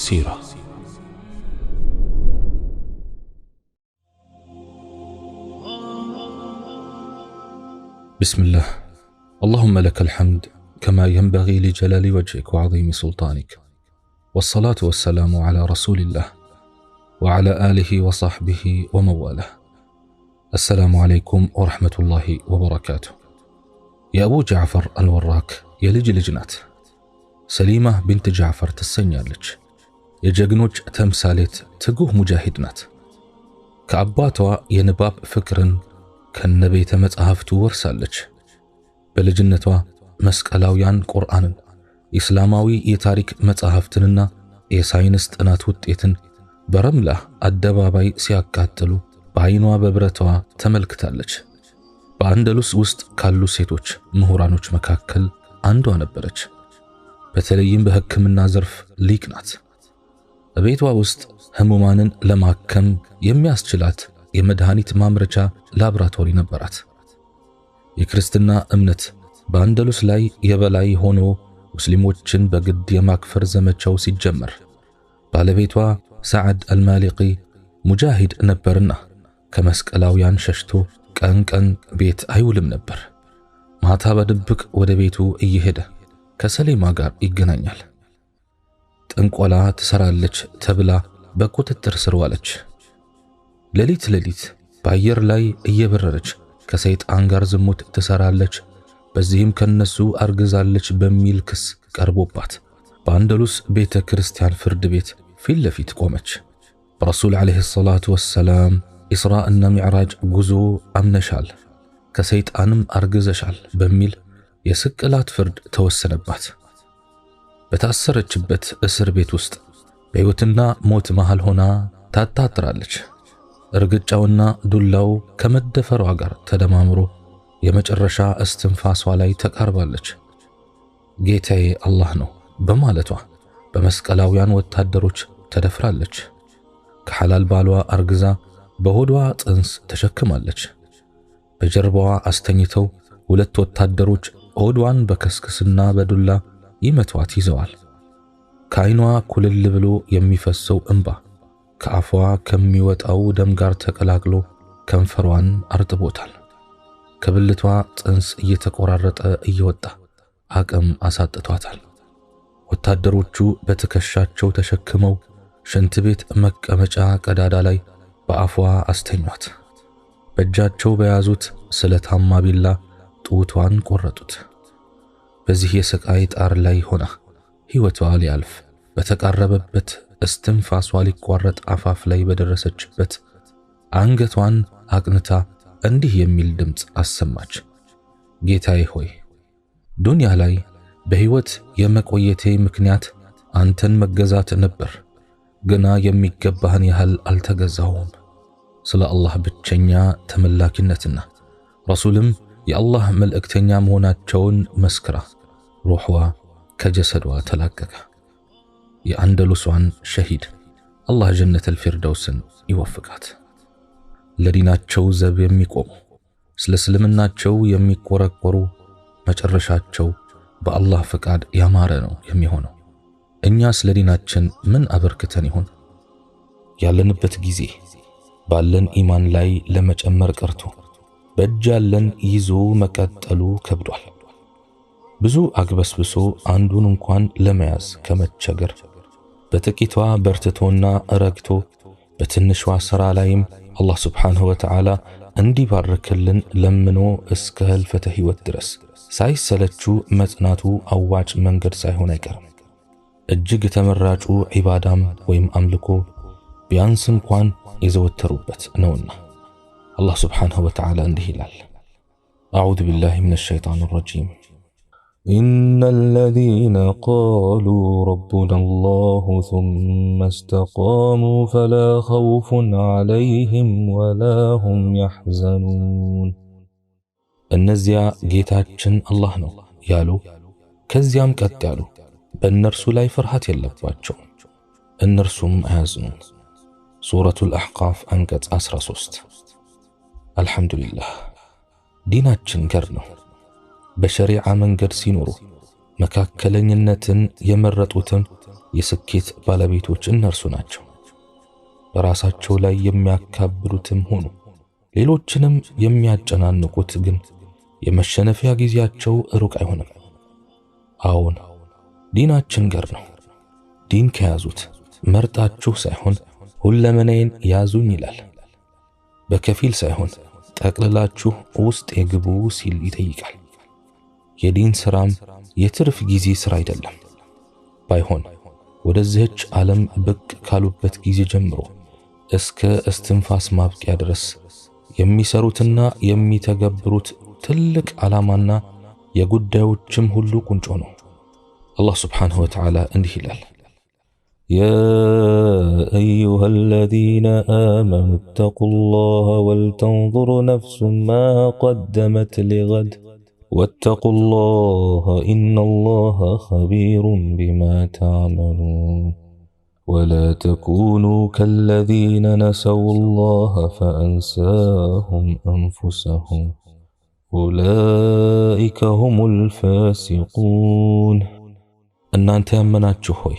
سيرة بسم الله اللهم لك الحمد كما ينبغي لجلال وجهك وعظيم سلطانك والصلاة والسلام على رسول الله وعلى آله وصحبه ومواله السلام عليكم ورحمة الله وبركاته يا أبو جعفر الوراك يلج لجنات سليمة بنت جعفر تسنيالج የጀግኖች ተምሳሌት ትጉህ ሙጃሂድ ናት። ከአባቷ የንባብ ፍቅርን ከነቤተ መጻሕፍቱ ወርሳለች። በልጅነቷ መስቀላውያን ቁርአንን፣ ኢስላማዊ የታሪክ መጻሕፍትንና የሳይንስ ጥናት ውጤትን በረምላ አደባባይ ሲያቃጥሉ በዓይኗ በብረቷ ተመልክታለች። በአንደሉስ ውስጥ ካሉ ሴቶች ምሁራኖች መካከል አንዷ ነበረች። በተለይም በሕክምና ዘርፍ ሊቅ ናት። በቤቷ ውስጥ ህሙማንን ለማከም የሚያስችላት የመድኃኒት ማምረቻ ላብራቶሪ ነበራት። የክርስትና እምነት በአንደሉስ ላይ የበላይ ሆኖ ሙስሊሞችን በግድ የማክፈር ዘመቻው ሲጀመር ባለቤቷ ሰዓድ አልማሊቂ ሙጃሂድ ነበርና ከመስቀላውያን ሸሽቶ ቀን ቀን ቤት አይውልም ነበር። ማታ በድብቅ ወደ ቤቱ እየሄደ ከሰሌማ ጋር ይገናኛል። ጥንቆላ ትሰራለች ተብላ በቁጥጥር ስር ዋለች። ሌሊት ሌሊት በአየር ላይ እየበረረች ከሰይጣን ጋር ዝሙት ትሰራለች፣ በዚህም ከነሱ አርግዛለች በሚል ክስ ቀርቦባት በአንደሉስ ቤተ ክርስቲያን ፍርድ ቤት ፊት ለፊት ቆመች። ረሱል ዓለይሂ ሰላቱ ወሰላም ኢስራ እና ሚዕራጅ ጉዞ አምነሻል፣ ከሰይጣንም አርግዘሻል በሚል የስቅላት ፍርድ ተወሰነባት። በታሰረችበት እስር ቤት ውስጥ በሕይወትና ሞት መሃል ሆና ታጣጥራለች። እርግጫውና ዱላው ከመደፈሯ ጋር ተደማምሮ የመጨረሻ እስትንፋሷ ላይ ተቃርባለች። ጌታዬ አላህ ነው በማለቷ በመስቀላውያን ወታደሮች ተደፍራለች። ከሐላል ባሏ አርግዛ በሆዷ ጽንስ ተሸክማለች። በጀርባዋ አስተኝተው ሁለት ወታደሮች ሆዷን በከስክስና በዱላ ይመቷት ይዘዋል። ከዓይኗ ኩልል ብሎ የሚፈሰው እንባ ከአፏ ከሚወጣው ደም ጋር ተቀላቅሎ ከንፈሯን አርጥቦታል። ከብልቷ ጽንስ እየተቆራረጠ እየወጣ አቅም አሳጥቷታል። ወታደሮቹ በትከሻቸው ተሸክመው ሽንት ቤት መቀመጫ ቀዳዳ ላይ በአፏ አስተኟት። በእጃቸው በያዙት ስለታማ ቢላ ጡቷን ቆረጡት። በዚህ የሰቃይ ጣር ላይ ሆና ሕይወቷ ሊያልፍ በተቃረበበት እስትንፋሷ ሊቋረጥ አፋፍ ላይ በደረሰችበት አንገቷን አቅንታ እንዲህ የሚል ድምፅ አሰማች። ጌታዬ ሆይ ዱንያ ላይ በሕይወት የመቆየቴ ምክንያት አንተን መገዛት ነበር። ግና የሚገባህን ያህል አልተገዛሁም። ስለ አላህ ብቸኛ ተመላኪነትና ረሱልም የአላህ መልእክተኛ መሆናቸውን መስክራ ሩሕዋ ከጀሰዷ ተላቀቀ። የአንደሉሷን ሸሂድ አላህ ጀነተል ፊርደውስን ይወፍቃት። ለዲናቸው ዘብ የሚቆሙ ስለ እስልምናቸው የሚቆረቆሩ መጨረሻቸው በአላህ ፍቃድ ያማረ ነው የሚሆነው። እኛ ስለ ዲናችን ምን አበርክተን ይሆን? ያለንበት ጊዜ ባለን ኢማን ላይ ለመጨመር ቀርቶ በእጅ ያለን ይዞ መቀጠሉ ከብዷል። ብዙ አግበስብሶ አንዱን እንኳን ለመያዝ ከመቸገር በጥቂቷ በርትቶና ረግቶ በትንሿ ሥራ ላይም አላህ ስብሓንሁ ወተዓላ እንዲባርክልን ለምኖ እስከ ህልፈተ ሕይወት ድረስ ሳይሰለቹ መጽናቱ አዋጭ መንገድ ሳይሆን አይቀርም። እጅግ ተመራጩ ዒባዳም ወይም አምልኮ ቢያንስ እንኳን የዘወተሩበት ነውና አላህ ስብሓንሁ ወተዓላ እንዲህ ይላል አዑዙ ቢላሂ ሚነ ሸይጣን ረጂም إن الذين قالوا ربنا الله ثم استقاموا فلا خوف عليهم ولا هم يحزنون النزع جيتاتشن الله نو يالو كزيام قتالو بنرسو لاي فرحات يلقواتشو النرسوم هازنون سورة الأحقاف أنكت أسرى سوست الحمد لله ديناتشن كرنو በሸሪዓ መንገድ ሲኖሩ መካከለኝነትን የመረጡትን የስኬት ባለቤቶች እነርሱ ናቸው። በራሳቸው ላይ የሚያካብዱትም ሆኑ ሌሎችንም የሚያጨናንቁት ግን የመሸነፊያ ጊዜያቸው ሩቅ አይሆንም። አዎን ዲናችን ገር ነው። ዲን ከያዙት መርጣችሁ ሳይሆን ሁለመናዬን ያዙኝ ይላል። በከፊል ሳይሆን ጠቅልላችሁ ውስጥ የግቡ ሲል ይጠይቃል። የዲን ስራም የትርፍ ጊዜ ስራ አይደለም። ባይሆን ወደዚህች ዓለም ብቅ ካሉበት ጊዜ ጀምሮ እስከ እስትንፋስ ማብቂያ ድረስ የሚሰሩትና የሚተገብሩት ትልቅ ዓላማና የጉዳዮችም ሁሉ ቁንጮ ነው። አላህ ስብሓንሁ ወተዓላ እንዲህ ይላል፣ ያ አዩሃ አለዚነ አመኑ ተቁላህ ላህ ነፍሱ ነፍሱን ማ ቀደመት ሊገድ واتقوا الله إن الله خبير بما تعملون ولا تكونوا كالذين نسوا الله فأنساهم أنفسهم أولئك هم الفاسقون ان እናንተ ያመናችሁ ሆይ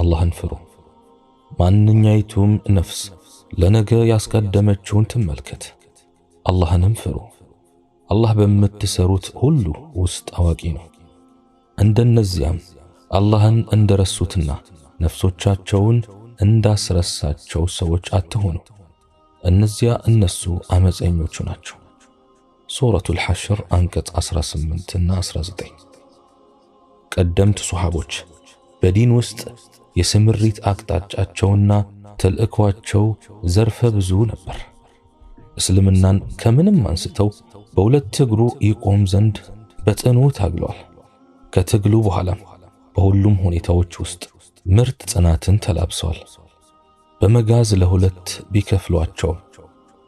አላህን نفس ማንኛይቱም ነፍስ ለነገ ያስቀደመችውን تملكت الله ፍሩ። አላህ በምትሰሩት ሁሉ ውስጥ አዋቂ ነው። እንደነዚያም አላህን እንደረሱትና ነፍሶቻቸውን እንዳስረሳቸው ሰዎች አትሆኑ። እነዚያ እነሱ አመፀኞቹ ናቸው። ሱረቱል ሐሽር አንቀጽ 18 እና 19። ቀደምት ሱሐቦች በዲን ውስጥ የስምሪት አቅጣጫቸውና ተልእኳቸው ዘርፈ ብዙ ነበር። እስልምናን ከምንም አንስተው በሁለት እግሩ ይቆም ዘንድ በጽኑ ታግሏል። ከትግሉ በኋላም በሁሉም ሁኔታዎች ውስጥ ምርጥ ጽናትን ተላብሷል። በመጋዝ ለሁለት ቢከፍሏቸው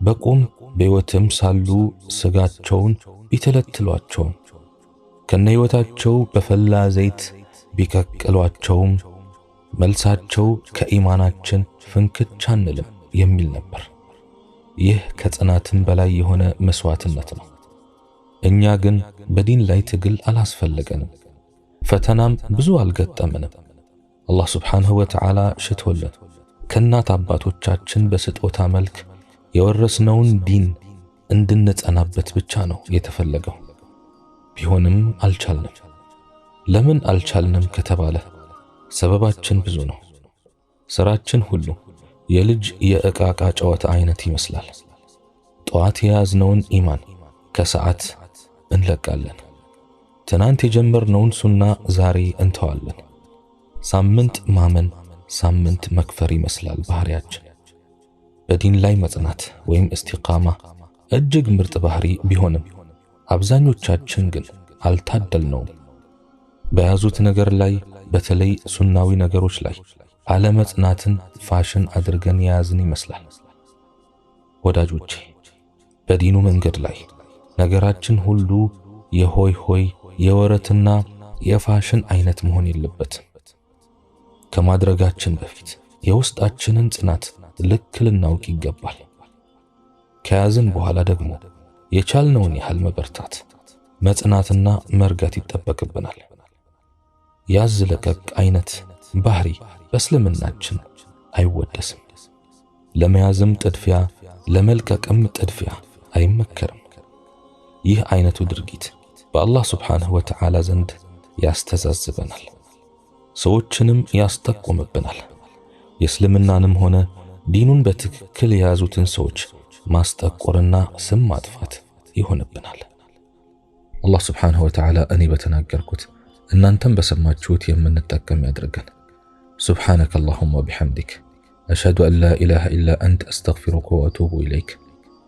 በቁም በሕይወትም ሳሉ ስጋቸውን ቢተለትሏቸውም ከነ ሕይወታቸው በፈላ ዘይት ቢቀቅሏቸውም መልሳቸው ከኢማናችን ፍንክቻ አንልም የሚል ነበር። ይህ ከጽናትም በላይ የሆነ መስዋዕትነት ነው። እኛ ግን በዲን ላይ ትግል አላስፈለገንም፣ ፈተናም ብዙ አልገጠምንም። አላህ ስብሓንሁ ወተዓላ ሽቶልን ከእናት አባቶቻችን በስጦታ መልክ የወረስነውን ዲን እንድንጸናበት ብቻ ነው የተፈለገው። ቢሆንም አልቻልንም። ለምን አልቻልንም ከተባለ ሰበባችን ብዙ ነው። ስራችን ሁሉ የልጅ የእቃቃ ጨዋታ አይነት ይመስላል። ጠዋት የያዝነውን ኢማን ከሰዓት እንለቃለን። ትናንት የጀመርነውን ሱና ዛሬ እንተዋለን። ሳምንት ማመን፣ ሳምንት መክፈር ይመስላል ባህሪያችን። በዲን ላይ መጽናት ወይም እስቲቃማ እጅግ ምርጥ ባህሪ ቢሆንም አብዛኞቻችን ግን አልታደልነውም። በያዙት ነገር ላይ በተለይ ሱናዊ ነገሮች ላይ አለመጽናትን ፋሽን አድርገን የያዝን ይመስላል። ወዳጆቼ በዲኑ መንገድ ላይ ነገራችን ሁሉ የሆይ ሆይ የወረትና የፋሽን አይነት መሆን የለበትም። ከማድረጋችን በፊት የውስጣችንን ጽናት ልክ ልናውቅ ይገባል። ከያዝን በኋላ ደግሞ የቻልነውን ያህል መበርታት፣ መጽናትና መርጋት ይጠበቅብናል። ያዝ ለቀቅ አይነት ባህሪ በእስልምናችን አይወደስም። ለመያዝም ጥድፊያ ለመልቀቅም ጥድፊያ አይመከርም። ይህ አይነቱ ድርጊት በአላህ ስብሓንሁ ወተዓላ ዘንድ ያስተዛዝበናል፣ ሰዎችንም ያስጠቁምብናል። የእስልምናንም ሆነ ዲኑን በትክክል የያዙትን ሰዎች ማስጠቆርና ስም ማጥፋት ይሆንብናል። አላህ ስብሓንሁ ወተዓላ እኔ በተናገርኩት እናንተም በሰማችሁት የምንጠቀም ያድርገን። ሱብሓነከ አላሁማ ወቢሐምዲክ አሽሀዱ አን ላ ኢላሃ ኢላ አንተ አስተግፊሩከ ወአቱቡ ኢለይክ